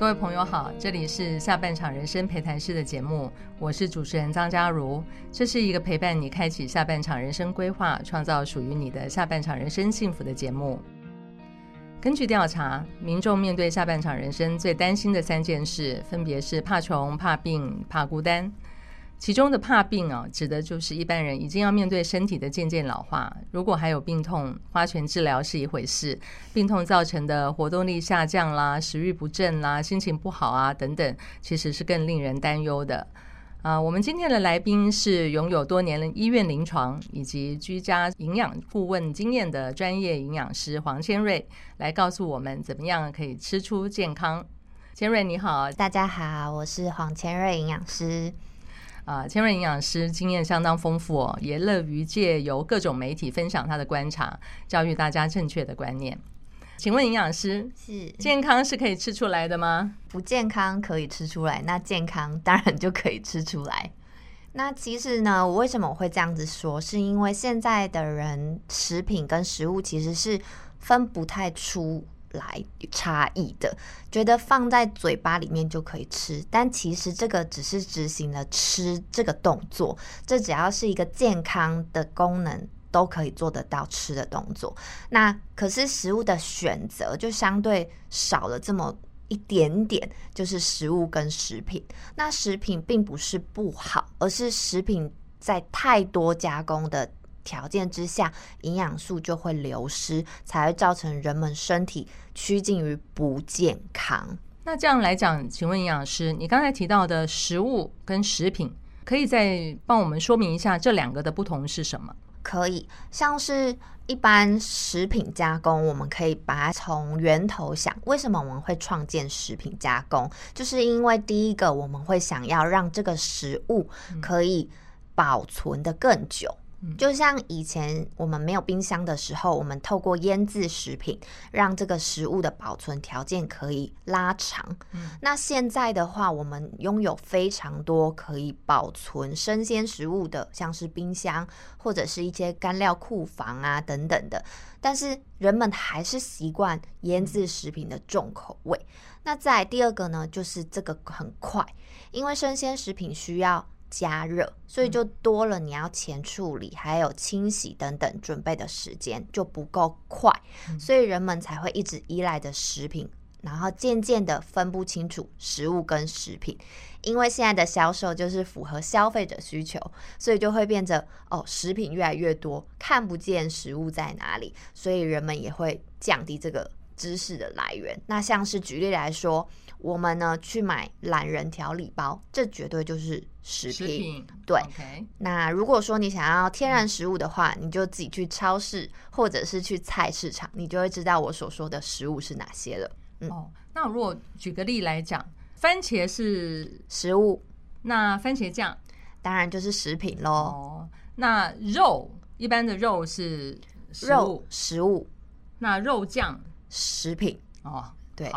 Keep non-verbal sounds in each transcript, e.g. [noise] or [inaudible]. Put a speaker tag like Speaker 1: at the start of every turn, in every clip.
Speaker 1: 各位朋友好，這裡是下半場人生陪談室的節目，我是主持人張佳茹。這是一個陪伴你開啟下半場人生規劃、創造屬於你的下半場人生幸福的節目。根據調查，民眾面對下半場人生最擔心的三件事，分別是怕窮、怕病、怕孤單。其中的怕病啊，指的就是一般人已經要面對身體的漸漸老化。如果還有病痛，花錢治療是一回事；病痛造成的活動力下降啦、食欲不振啦、心情不好啊等等，其實是更令人擔憂的。啊，我們今天的來賓是擁有多年的醫院臨床以及居家營養顧問經驗的專業營養師黃千芮，來告訴我們怎麼樣可以吃出健康。千芮你好。大家好，我是黃千芮營養師。啊，千芮營養師經驗相當豐富哦，也樂於借由各種媒體分享他的觀察，教育大家正確的觀念。請問營養師，是健康是可以吃出來的嗎？不健康可以吃出來，那健
Speaker 2: 康當然就可以吃出來。那其實呢，我為什麼會這樣子說，是因為現在的人食品跟食物其實是分不太出。來差異的，覺得放在嘴巴裡面就可以吃，但其實這個只是執行了吃這個動作，這只要是一個健康的功能都可以做得到吃的動作。那可是食物的選擇就相對少了這麼一點點，就是食物跟食品。那食品並不是不好，而是食品在太多加工的。條件之下，營養素就會流失，才會造成人們身體趨近於不健康。
Speaker 1: 那這樣來講，請問營養師，你剛才提到的食物跟食品，可以再幫我們說明一下這兩個的不同是什麼？可以，像是一般食品加工，我們可以把它從
Speaker 2: 源頭想，為什麼我們會創建食品加工？就是因為第一個，我們會想要讓這個食物可以保存得更久。嗯就像以前我們沒有冰箱的時候，我們透過醃製食品，讓這個食物的保存條件可以拉長。嗯。那現在的話，我們擁有非常多可以保存生鮮食物的，像是冰箱或者是一些乾料庫房啊等等的。但是人們還是習慣醃製食品的重口味。那再來第二個呢，就是這個很快，因為生鮮食品需要。加熱，所以就多了你要前處理，嗯、還有清洗等等準備的時間就不夠快，所以人們才會一直依賴著食品，然後漸漸的分不清楚食物跟食品，因為現在的銷售就是符合消費者需求，所以就會變成哦，食品越來越多，看不見食物在哪裡，所以人們也會降低這個知識的來源。那像是舉例來說，我們呢去買懶人調理包，這絕對就是。食品對，那如果說你想要天然食物的話，你就自己去超市或者是去菜市場，你就會知道我所說的食物是哪些了。
Speaker 1: 哦，那我如果舉個例來講，番茄是食物，那番茄醬當然就是食品嘍。那肉一般的肉是食物，食物，那肉醬食品哦，對，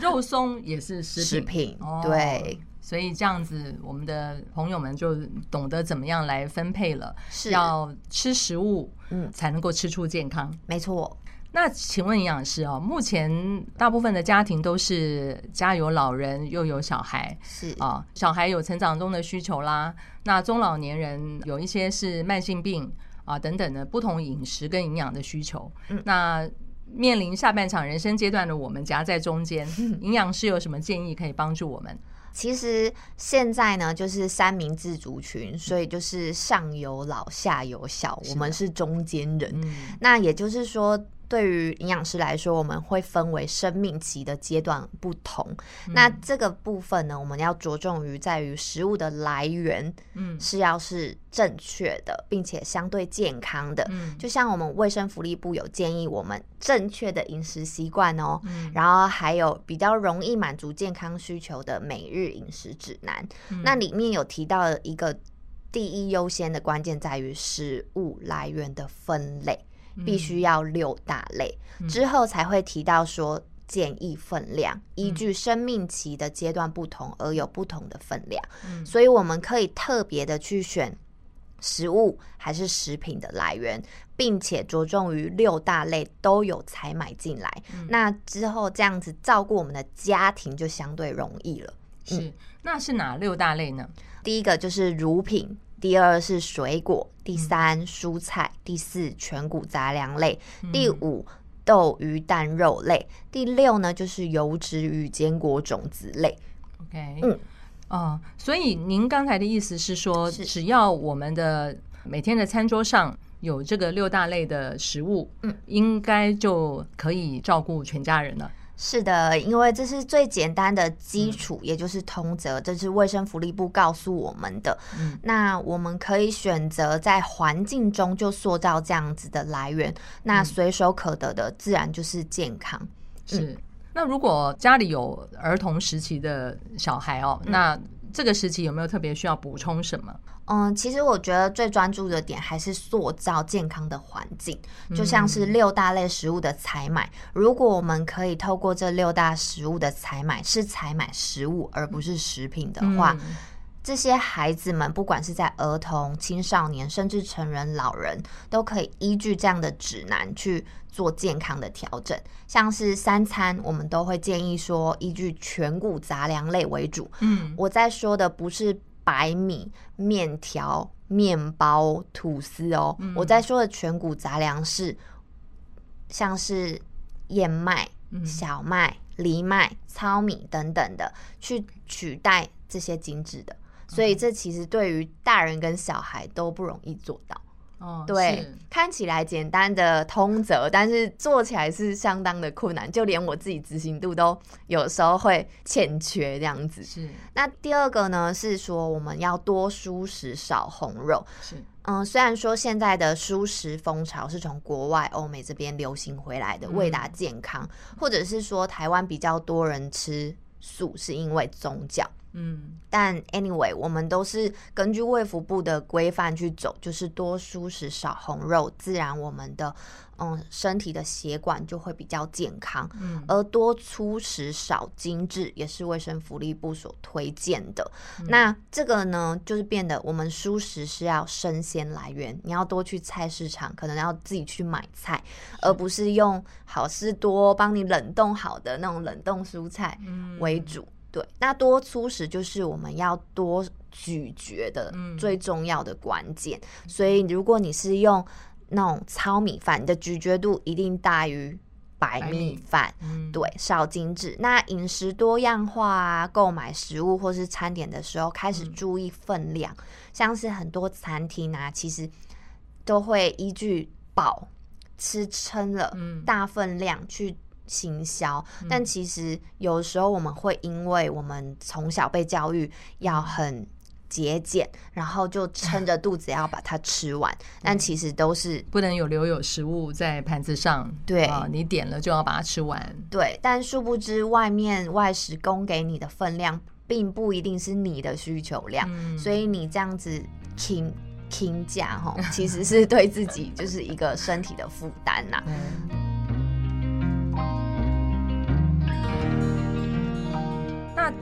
Speaker 1: 肉鬆也是食品，對。所以這樣子，我們的朋友們就懂得怎麼樣來分配了，是要吃食物，嗯，才能夠吃出健康。沒錯。那請問營養師啊，目前大部分的家庭都是家有老人又有小孩，是啊、哦，小孩有成長中的需求啦，那中老年人有一些是慢性病啊等等的，不同飲食跟營養的需求。嗯、那面臨下半場人生階段的我們夾在中間，營養師有什麼建議可以幫助我們？其實現在呢，就是三明治族群，所以就是上有老，下有
Speaker 2: 小，的我們是中間人。嗯、那也就是說。對於營養師來說，我們會分為生命期的階段不同。嗯、那這個部分呢，我們要着重於在於食物的來源，嗯，是要是正確的，嗯、並且相對健康的。嗯、就像我們衛生福利部有建議我們正確的飲食習慣哦，嗯、然後還有比較容易滿足健康需求的每日飲食指南。嗯、那裡面有提到一個第一優先的關鍵在於食物來源的分類。必須要六大類，嗯、之後才會提到說建議分量，嗯、依據生命期的階段不同而有不同的分量。嗯、所以我們可以特別的去選食物還是食品的來源，並且着重於六大類都有採買進來。嗯、那之後這樣子照顧我們的家庭就相對容易了。是，
Speaker 1: 那是哪六大類呢？嗯、
Speaker 2: 第一個就是乳品。第二是水果，第三蔬菜，第四全穀雜糧類，第五豆魚蛋肉類，第六呢就是油脂與堅果種子類。OK，嗯，
Speaker 1: 哦，所以您剛才的意思是說，嗯，只要我們的每天的餐桌上有這個六大類的食物，嗯，應該就可以照顧全家人了。
Speaker 2: 是的，因為這是最簡單的基礎，嗯、也就是通則，這是衛生福利部告訴我們的。嗯、那我們可以選擇在環境中就塑造這樣子的來源，那隨手可得的自然就是健康。嗯、
Speaker 1: 是，那如果家裡有兒童時期的小孩哦，嗯、那。這個時期有沒有特別需要補充什麼？
Speaker 2: 嗯，其實我覺得最專注的點還是塑造健康的環境，就像是六大類食物的採買。嗯，如果我們可以透過這六大食物的採買，是採買食物而不是食品的話。嗯嗯這些孩子們，不管是在兒童、青少年，甚至成人、老人都可以依據這樣的指南去做健康的調整。像是三餐，我們都會建議說，依據全谷雜糧類為主。嗯，我在說的不是白米、麵條、麵包、吐司哦，嗯，我在說的全谷雜糧是像是燕麥、嗯、小麥、藜麥、糙米等等的，去取代這些精致的。所以這其實對於大人跟小孩都不容易做到。哦、
Speaker 1: 對，
Speaker 2: 是看起來簡單的通則，但是做起來是相當的困難，就連我自己執行度都有時候會欠缺這樣子。是。那第二個呢，是說我們要多蔬食少紅肉。是。嗯，雖然說現在的蔬食風潮是從國外歐美這邊流行回來的，為了健康，嗯、或者是說台灣比較多人吃素是因為宗教。嗯，但 anyway，我們都是根據衛福部的規範去走，就是多蔬食少紅肉，自然我們的嗯身體的血管就會比較健康。嗯、而多粗食少精致也是衛生福利部所推薦的。嗯、那這個呢，就是變得我們蔬食是要生鮮來源，你要多去菜市場，可能要自己去買菜，是而不是用好市多幫你冷凍好的那種冷凍蔬菜為主。嗯嗯嗯對，那多粗食就是我們要多咀嚼的最重要的關鍵。嗯、所以，如果你是用那種糙米飯，你的咀嚼度一定大於白，白米飯。嗯、對，少精致。嗯、那飲食多樣化啊，購買食物或是餐點的時候，開始注意分量。嗯、像是很多餐廳啊，其實都會依據飽吃撐了大分量去。行銷，但其實有時候我們會因為我們從小被教育
Speaker 1: 要很節儉，然後就撐着肚子要把它吃完，嗯、但其實都是不能有留有食物在盤子上。對、啊、你點了就要把它吃完。
Speaker 2: 對，但殊不知外面外食供給你的分量並不一定是你的需求量，嗯、所以你這樣子傾傾價哈，其實是對自己就是一個身體的負擔吶、啊。嗯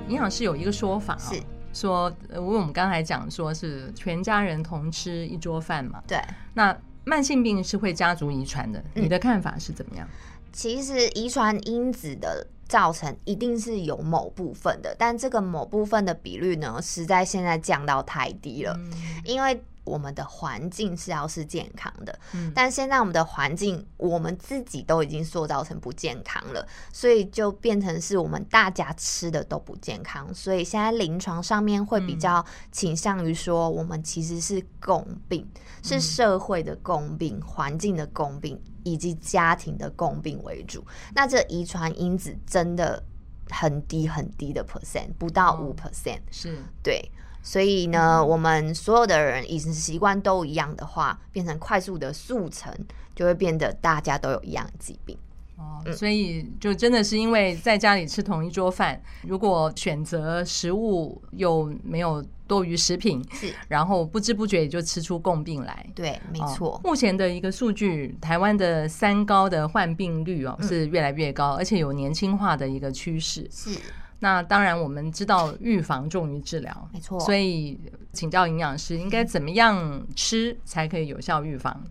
Speaker 1: 營養師有一個說法、哦、是說，為我們剛才講說是全家人同吃一桌飯嘛，對，那慢性病是會家族遺傳的，嗯、你的看法是怎麼樣？
Speaker 2: 其實遺傳因子的造成一定是有某部分的，但這個某部分的比率呢，實在現在降到太低了，嗯、因為。我們的環境是要是健康的，嗯，但現在我們的環境，我們自己都已經塑造成不健康了，所以就變成是我們大家吃的都不健康，所以現在臨床上面會比較傾向於說，我們其實是共病，嗯，是社會的共病、環境的共病以及家庭的共病為主。嗯，那這遺傳因子真的很低很低的 percent，不到五 percent，哦，是對。所以呢，嗯、我們所有的人已食習慣都一樣的話，變成快
Speaker 1: 速的速成，就會變得大家都
Speaker 2: 有一樣的疾病。哦，
Speaker 1: 所以就真的是因為在家裡吃同一桌飯，如果選擇食物又沒有多餘食品，是，然後不知不覺也就吃出共病來。對，沒錯、哦。目前的一個數據，台灣的三高的患病率哦是越來越高，嗯、而且有年輕化的一個趨勢。是。那當然，我們知道預防重於治療，沒錯。所以請教營養師，應該怎麼樣吃才可以有效預防？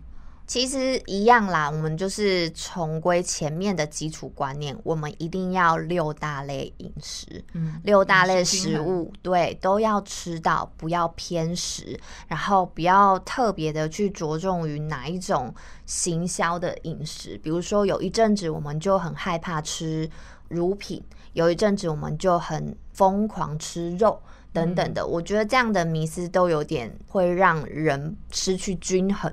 Speaker 2: 其實一樣啦，我們就是重歸前面的基礎觀念，我們一定要六大類飲食，嗯，六大類食物，嗯啊、對，都要吃到，不要偏食，然後不要特別的去着重於哪一種行銷的飲食，比如說有一陣子我們就很害怕吃乳品。有一陣子我們就很瘋狂吃肉等等的。嗯、我覺得這樣的迷思都有點會讓人失去均衡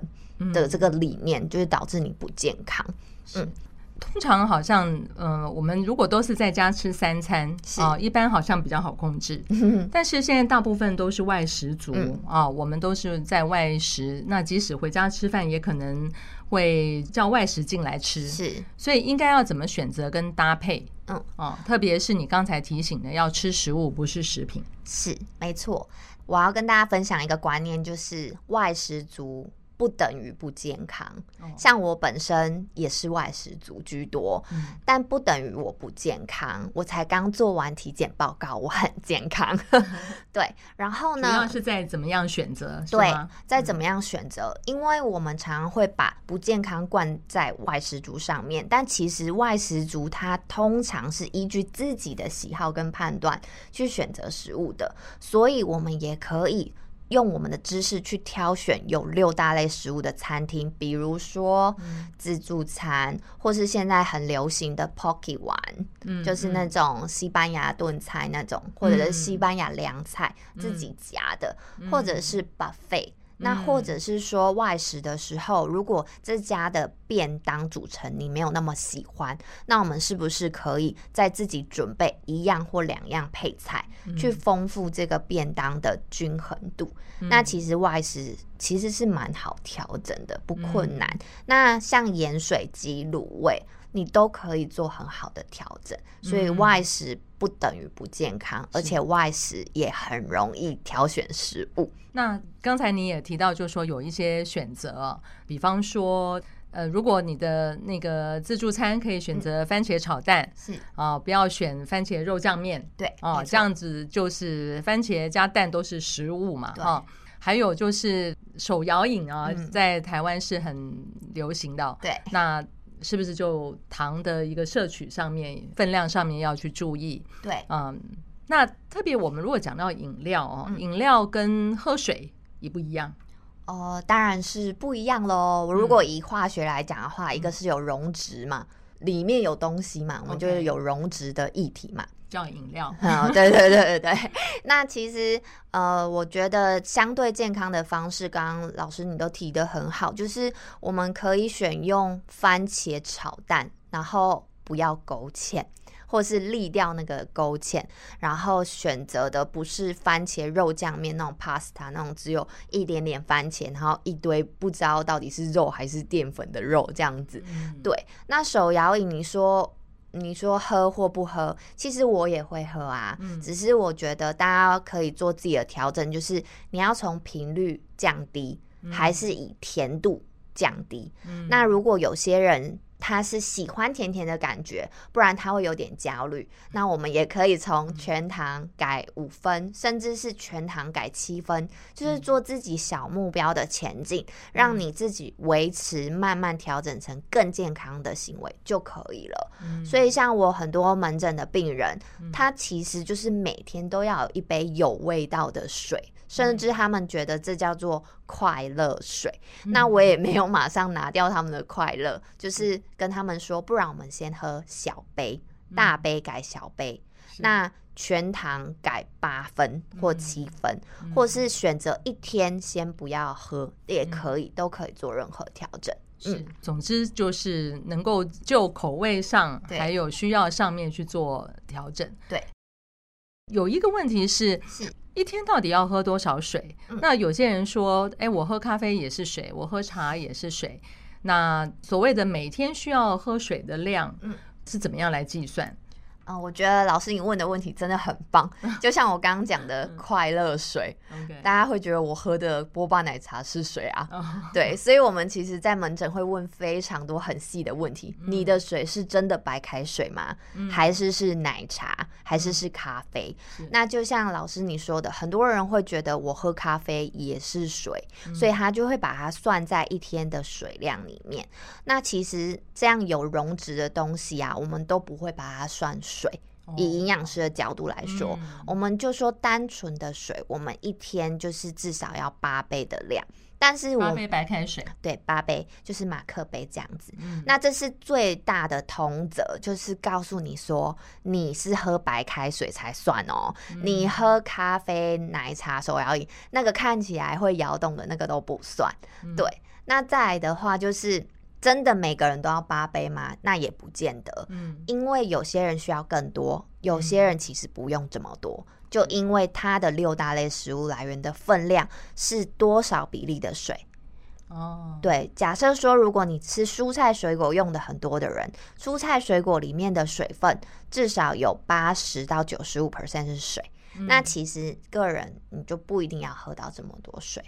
Speaker 2: 的這個理念，嗯、就是導致你不健康。是
Speaker 1: 嗯，通常好像呃，我們如果都是在家吃三餐，啊是、哦，一般好像比較好控制。嗯、但是現在大部分都是外食族啊、嗯哦，我們都是在外食，嗯、那即使回家吃飯，也可能會叫外食進來吃。是，所以應該要怎麼選擇跟搭配？嗯哦，特別是你剛才提醒的，要吃食物，不是食品。是
Speaker 2: 沒錯。我要跟大家分享一個觀念，就是外食族。不等於不健康，像我本身也是外食族居多，哦、但不等於我不健康。我才剛做完體檢報告，我很健康。 [laughs] 對，然後呢？主要是在怎麼樣選擇？對，嗎在怎麼樣選擇？嗯、因為我們常常會把不健康灌在外食族上面，但其實外食族他通常是依據自己的喜好跟判斷去選擇食物的，所以我們也可以。用我們的知識去挑選有六大類食物的餐廳，比如說自助餐，嗯、或是現在很流行的 pocky 碗，嗯，就是那種西班牙燉菜那種，嗯、或者是西班牙涼菜，嗯、自己夾的，嗯、或者是 buffet。那或者是說外食的時候，嗯、如果這家的便當組成你沒有那麼喜歡，那我們是不是可以再自己準備一樣或兩樣配菜，去豐富這個便當的均衡度？嗯、那其實外食其實是蠻好調整的，不困難。嗯、那像鹽水雞、滷味。你都可以做很好的調整，所以外食不等於不健康，嗯、而且外食也很容易挑選食物。
Speaker 1: 那剛才你也提到，就是說有一些選擇，哦，比方說，呃，如果你的那個自助餐可以選擇番茄炒蛋，嗯、是啊，哦，不要選番茄肉醬麵，對哦，沒錯。這樣子就是番茄加蛋都是食物嘛，對。哦，還有就是手搖飲啊，嗯、在台灣是很流行的，哦，對那。是不是就糖的一個攝取上面、分量上面要去注意？對，嗯，那特別我們如果講到飲料哦，嗯、飲料跟喝水也不一樣哦、呃，當然是不一樣
Speaker 2: 嘍。我如果以化學來講的話，嗯、一個是有溶質嘛，裡面有東西嘛，嗯、我們就是有溶質的液體嘛。Okay. 叫飲料啊， [laughs] oh, 對對對對，那其實呃，我覺得相對健康的方式，剛剛老師你都提得很好，就是我們可以選用番茄炒蛋，然後不要勾芡，或是瀝掉那個勾芡，然後選擇的不是番茄肉醬面那種 pasta 那種，只有一點點番茄，然後一堆不知道到底是肉還是澱粉的肉這樣子。嗯、對，那手搖飲你說。你說喝或不喝，其實我也會喝啊，嗯、只是我覺得大家可以做自己的調整，就是你要從頻率降低，嗯、還是以甜度降低。嗯、那如果有些人。他是喜歡甜甜的感覺，不然他會有點焦慮。嗯、那我們也可以從全糖改五分，嗯、甚至是全糖改七分，嗯、就是做自己小目標的前進，嗯、讓你自己維持，慢慢調整成更健康的行為就可以了。嗯、所以，像我很多門診的病人，嗯、他其實就是每天都要有一杯有味道的水。甚至他們覺得這叫做快樂水，嗯、那我也沒有馬上拿掉他們的快樂，嗯、就是跟他們說，不然我們先喝小杯，嗯、大杯改小杯，是、那全糖改八分或七分，嗯、或是選擇一天先不要喝、嗯、也可以，嗯、都可以做任何
Speaker 1: 調整。嗯，總之就是能夠就口味上還有需要上面去做調整，對。對。有一個問題是，一天到底要喝多少水？那有些人說，哎，我喝咖啡也是水，我喝茶也是水。那所謂的每天需要喝水的量，是怎麼樣來計算？啊、哦，我覺得老師你問的問題真的很棒， [laughs] 就像我剛剛講的快樂
Speaker 2: 水， [laughs] 大家會覺得我喝的波霸奶茶是水啊？ [laughs] 對，所以我們其實，在門診會問非常多很細的問題。嗯、你的水是真的白開水嗎？嗯、還是是奶茶？還是是咖啡？嗯、那就像老師你說的，很多人會覺得我喝咖啡也是水，所以他就會把它算在一天的水量裡面。嗯、那其實這樣有溶質的東西啊，我們都不會把它算水。水以營養師的角度來說，哦嗯、我們就說單純的水，我們一天就是至少要八杯的量。但是我八杯白開水，嗯、對，八杯就是馬克杯這樣子。嗯、那這是最大的通則，就是告訴你說，你是喝白開水才算哦。嗯、你喝咖啡、奶茶、手搖飲，那個看起來會搖動的那個都不算。嗯、對，那再來的話就是。真的每個人都要八杯嗎？那也不見得，嗯，因為有些人需要更多，有些人其實不用這麼多，嗯，就因為他的六大類食物來源的分量是多少比例的水，哦，對，假設說如果你吃蔬菜水果用的很多的人，蔬菜水果裡面的水分至少有八十到九十五 percent 是水，嗯，那其實個人你就不一定要喝到這麼多水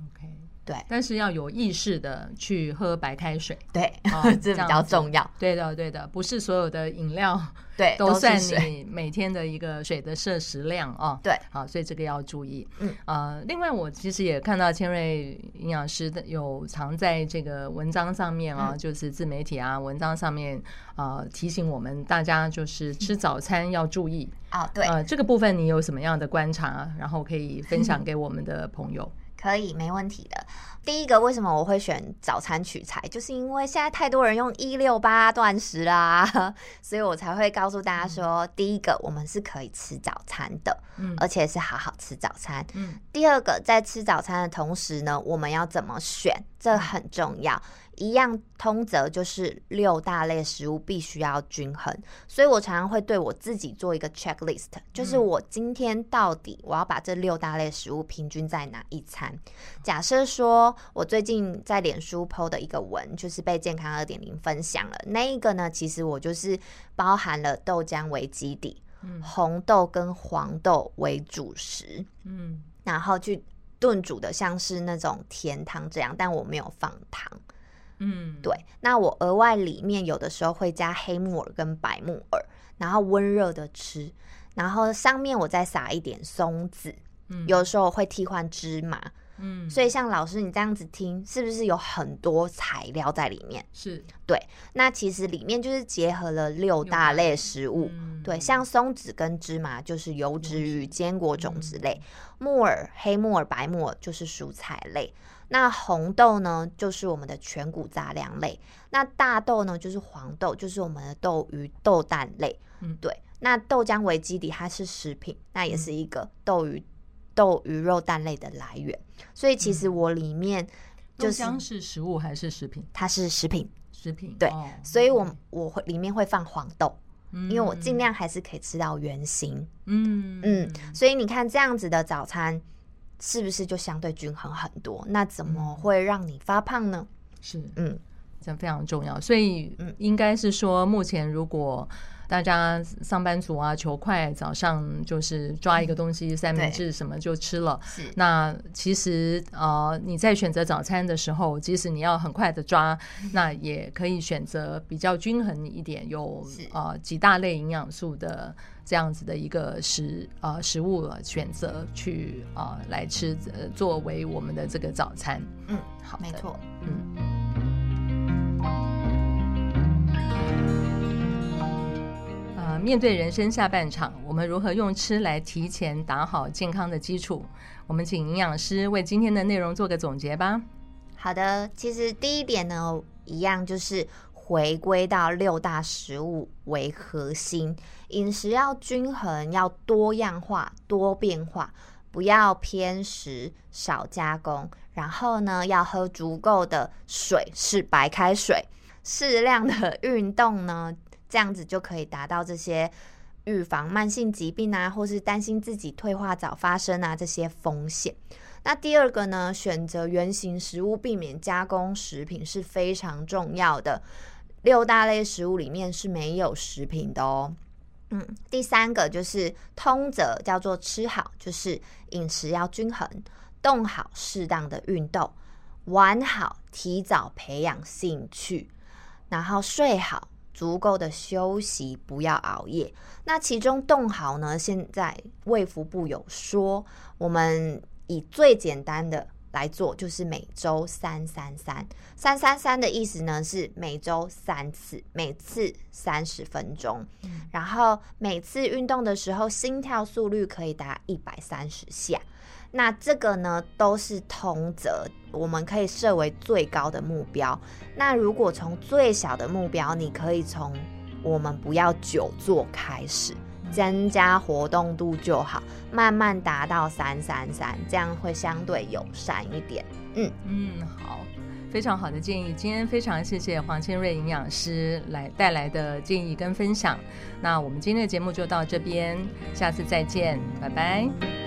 Speaker 2: ，OK。
Speaker 1: 嗯對，但是要有意識的去喝白開水，對，啊、這是比較重要。對的，對的，不是所有的飲料對都算你每天的一個水的攝食量啊。對，好、啊，所以這個要注意。嗯，呃、啊，另外我其實也看到千芮營養師的有藏在這個文章上面啊，嗯、就是自媒體啊文章上面啊提醒我們大家就是吃早餐要注意、嗯、啊。對，呃、啊，這個部分你有什麼樣的觀察，然後可以分享給我們的朋友。嗯可以，沒問題的。第一個，為什麼我會選早
Speaker 2: 餐取材？就是因為現在太多人用一六八斷食啦，啊，所以我才會告訴大家說，嗯，第一個我們是可以吃早餐的，嗯，而且是好好吃早餐。嗯，第二個，在吃早餐的同時呢，我們要怎麼選？這很重要。一樣通則就是六大類食物必須要均衡，所以我常常會對我自己做一個 checklist，、嗯、就是我今天到底我要把這六大類食物平均在哪一餐。假設說我最近在臉書 po 的一個文，就是被健康二點零分享了，那一個呢，其實我就是包含了豆漿為基底，紅豆跟黃豆為主食，嗯，然後去燉煮的像是那種甜湯這樣，但我沒有放糖。嗯，mm. 對，那我額外裡面有的時候會加黑木耳跟白木耳，然後溫熱的吃，然後上面我再撒一點松子，mm. 有的時候我會替換芝麻，嗯，mm. 所以像老師你這樣子聽，是不是有很多材料在裡面？是，對，那其實裡面就是結合了六大類食物。有嗎？對，像松子跟芝麻就是油脂與堅果種子類，嗯嗯、木耳、黑木耳、白木耳就是蔬菜類。那紅豆呢，就是我們的全谷雜糧類。那大豆呢，就是黃豆，就是我們的豆魚豆蛋類。嗯，對。那豆漿為基底，它是食品，那也是一個豆魚、嗯、豆魚肉蛋類的來源。所以其實我裡面、
Speaker 1: 就是，豆漿是食物還是食品？它是食品。食品。
Speaker 2: 對，哦、所以我對我會裡面會放黃豆。因為我盡量還是可以吃到原型，嗯嗯，嗯所以你看這樣子的早餐
Speaker 1: 是不是就相對均衡很多？那怎麼會讓你發胖呢？是的，嗯。這非常重要，所以應該是說，目前如果大家上班族啊求快，早上就是抓一個東西三明治什麼就吃了。嗯、是那其實呃，你在選擇早餐的時候，即使你要很快的抓，那也可以選擇比較均衡一點，有呃幾大類營養素的這樣子的一個食呃食物、啊、選擇去呃來吃呃作為我們的這個早餐。嗯，好的，沒錯錯，嗯。呃，面對人生下半場，我們如何用吃來提前打好健康的基礎？我們請營養師為今天的內容做個總結吧。好的，其實第一
Speaker 2: 點呢，一樣就是回歸到六大食物為核心，飲食要均衡，要多樣化、多變化。不要偏食，少加工，然後呢，要喝足夠的水，是白開水，適量的運動呢，這樣子就可以達到這些預防慢性疾病啊，或是擔心自己退化早發生啊，這些風險。那第二個呢，選擇原型食物，避免加工食品是非常重要的。六大類食物裡面是沒有食品的哦。嗯，第三個就是通則，叫做吃好，就是飲食要均衡，動好，適當的運動，玩好，提早培養興趣，然後睡好，足夠的休息，不要熬夜。那其中動好呢？現在衛福部有說，我們以最簡單的。來做，就是每周三三三三三三的意思呢，是每周三次，每次三十分鐘，嗯、然後每次運動的時候心跳速率可以達一百三十下。那這個呢，都是通則，我們可以設為最高的目標。那如果從最小的目標，你可以從我們不要久坐開始。增加活動度就好，慢慢達到三三三，這樣會相對友善一點。
Speaker 1: 嗯嗯，好，非常好的建議。今天非常謝謝黃千芮營養師來帶來的建議跟分享。那我們今天的節目就到這邊，下次再見，拜拜。